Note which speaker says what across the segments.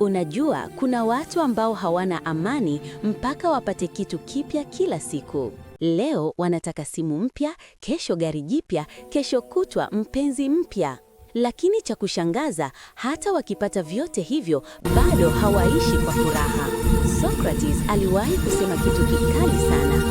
Speaker 1: Unajua, kuna watu ambao hawana amani mpaka wapate kitu kipya kila siku. Leo wanataka simu mpya, kesho gari jipya, kesho kutwa mpenzi mpya. Lakini cha kushangaza, hata wakipata vyote hivyo bado hawaishi kwa furaha. Socrates aliwahi kusema kitu kikali sana,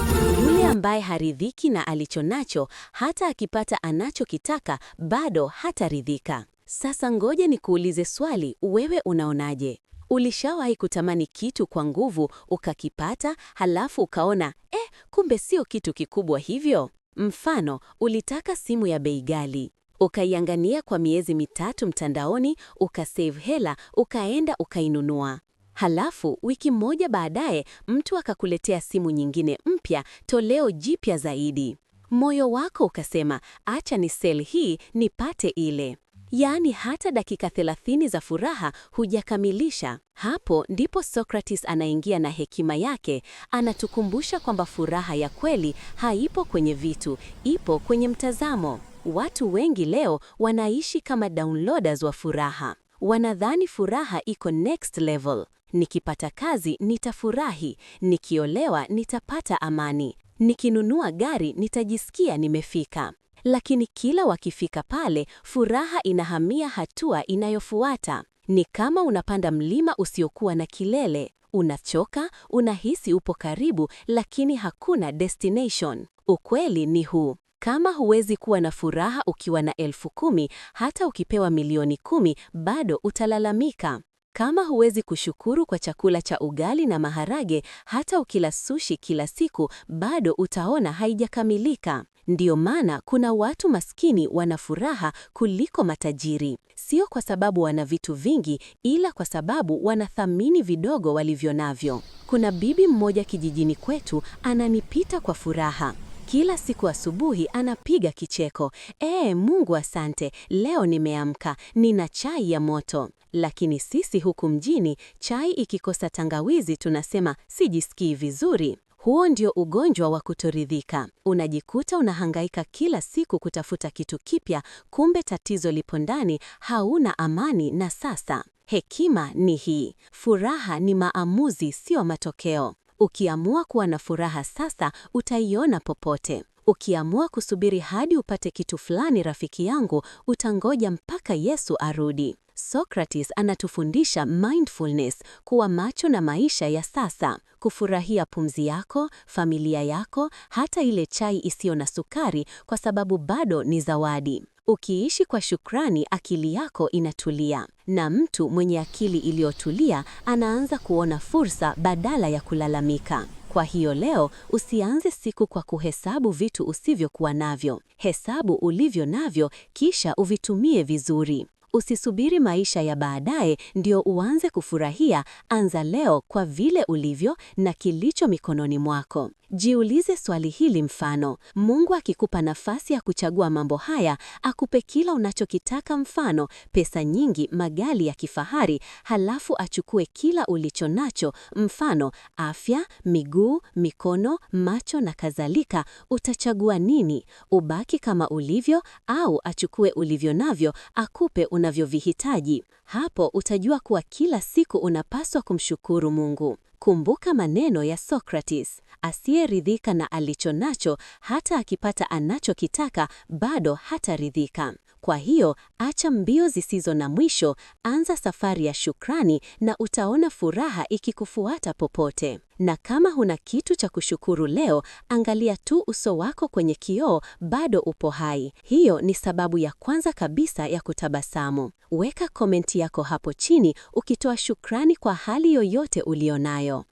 Speaker 1: yule ambaye haridhiki na alichonacho, hata akipata anachokitaka bado hataridhika. Sasa ngoja nikuulize swali, wewe unaonaje? Ulishawahi kutamani kitu kwa nguvu ukakipata, halafu ukaona eh, kumbe sio kitu kikubwa hivyo? Mfano, ulitaka simu ya bei ghali, ukaiangania kwa miezi mitatu mtandaoni, ukasave hela, ukaenda ukainunua. Halafu wiki moja baadaye mtu akakuletea simu nyingine mpya, toleo jipya zaidi. Moyo wako ukasema acha ni sell hii nipate ile yaani hata dakika thelathini za furaha hujakamilisha. Hapo ndipo Socrates anaingia na hekima yake, anatukumbusha kwamba furaha ya kweli haipo kwenye vitu, ipo kwenye mtazamo. Watu wengi leo wanaishi kama downloaders wa furaha. Wanadhani furaha iko next level. Nikipata kazi nitafurahi, nikiolewa nitapata amani, nikinunua gari nitajisikia nimefika. Lakini kila wakifika pale, furaha inahamia hatua inayofuata. Ni kama unapanda mlima usiokuwa na kilele. Unachoka, unahisi upo karibu, lakini hakuna destination. Ukweli ni huu: kama huwezi kuwa na furaha ukiwa na elfu kumi, hata ukipewa milioni kumi, bado utalalamika. Kama huwezi kushukuru kwa chakula cha ugali na maharage, hata ukila sushi kila siku bado utaona haijakamilika. Ndiyo maana kuna watu maskini wana furaha kuliko matajiri, sio kwa sababu wana vitu vingi, ila kwa sababu wanathamini vidogo walivyo navyo. Kuna bibi mmoja kijijini kwetu ananipita kwa furaha. Kila siku asubuhi anapiga kicheko, ee, Mungu asante, leo nimeamka, nina chai ya moto. Lakini sisi huku mjini chai ikikosa tangawizi tunasema sijisikii vizuri. Huo ndio ugonjwa wa kutoridhika. Unajikuta unahangaika kila siku kutafuta kitu kipya, kumbe tatizo lipo ndani, hauna amani na sasa. Hekima ni hii: furaha ni maamuzi, sio matokeo. Ukiamua kuwa na furaha sasa, utaiona popote. Ukiamua kusubiri hadi upate kitu fulani, rafiki yangu, utangoja mpaka Yesu arudi. Socrates anatufundisha mindfulness, kuwa macho na maisha ya sasa, kufurahia pumzi yako, familia yako, hata ile chai isiyo na sukari, kwa sababu bado ni zawadi. Ukiishi kwa shukrani, akili yako inatulia, na mtu mwenye akili iliyotulia anaanza kuona fursa badala ya kulalamika. Kwa hiyo leo usianze siku kwa kuhesabu vitu usivyokuwa navyo. Hesabu ulivyo navyo, kisha uvitumie vizuri. Usisubiri maisha ya baadaye ndio uanze kufurahia. Anza leo kwa vile ulivyo na kilicho mikononi mwako. Jiulize swali hili mfano, Mungu akikupa nafasi ya kuchagua mambo haya, akupe kila unachokitaka mfano, pesa nyingi, magari ya kifahari, halafu achukue kila ulicho nacho mfano, afya, miguu, mikono, macho na kadhalika, utachagua nini? Ubaki kama ulivyo au achukue ulivyo navyo akupe unavyovihitaji. Hapo utajua kuwa kila siku unapaswa kumshukuru Mungu. Kumbuka maneno ya Socrates, asiyeridhika na alichonacho hata akipata anachokitaka bado hataridhika. Kwa hiyo acha mbio zisizo na mwisho, anza safari ya shukrani na utaona furaha ikikufuata popote. Na kama huna kitu cha kushukuru leo, angalia tu uso wako kwenye kioo, bado upo hai. Hiyo ni sababu ya kwanza kabisa ya kutabasamu. Weka komenti yako hapo chini ukitoa shukrani kwa hali yoyote ulionayo.